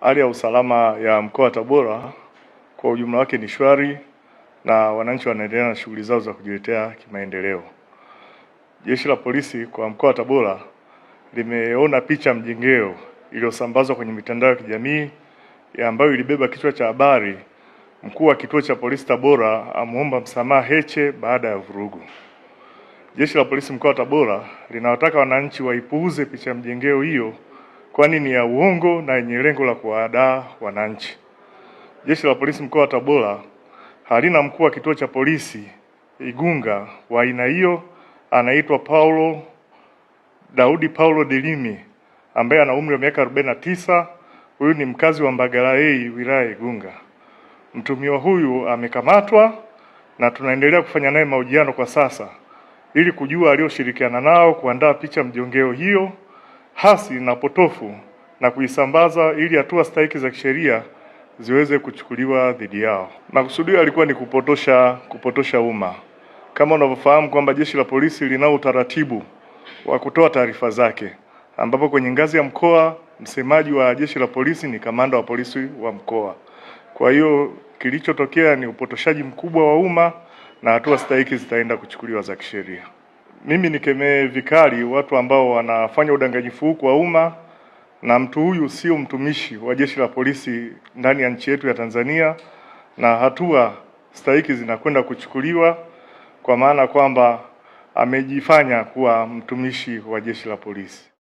Hali ya usalama ya mkoa wa Tabora kwa ujumla wake ni shwari na wananchi wanaendelea na shughuli zao za kujiletea kimaendeleo. Jeshi la polisi kwa mkoa wa Tabora limeona picha mjengeo iliyosambazwa kwenye mitandao ya kijamii ambayo ilibeba kichwa cha habari, mkuu wa kituo cha polisi Tabora amuomba msamaha Heche baada ya vurugu. Jeshi la polisi mkoa wa Tabora linawataka wananchi waipuuze picha mjengeo hiyo kwani ni ya uongo na yenye lengo la kuwaadaa wananchi. Jeshi la polisi mkoa wa Tabora halina mkuu wa kituo cha polisi Igunga wa aina hiyo, anaitwa Paulo Daudi Paulo Delimi ambaye ana umri wa miaka 49. Huyu ni mkazi wa Mbagalaei, wilaya ya Igunga. Mtumiwa huyu amekamatwa na tunaendelea kufanya naye mahojiano kwa sasa ili kujua aliyoshirikiana nao kuandaa picha mjongeo hiyo hasi na potofu na kuisambaza ili hatua stahiki za kisheria ziweze kuchukuliwa dhidi yao. Makusudio alikuwa ni kupotosha kupotosha umma, kama unavyofahamu kwamba jeshi la polisi linao utaratibu wa kutoa taarifa zake, ambapo kwenye ngazi ya mkoa msemaji wa jeshi la polisi ni kamanda wa polisi wa mkoa. Kwa hiyo kilichotokea ni upotoshaji mkubwa wa umma na hatua stahiki zitaenda kuchukuliwa za kisheria. Mimi nikemee vikali watu ambao wanafanya udanganyifu huu kwa umma, na mtu huyu sio mtumishi wa jeshi la polisi ndani ya nchi yetu ya Tanzania, na hatua stahiki zinakwenda kuchukuliwa kwa maana kwamba amejifanya kuwa mtumishi wa jeshi la polisi.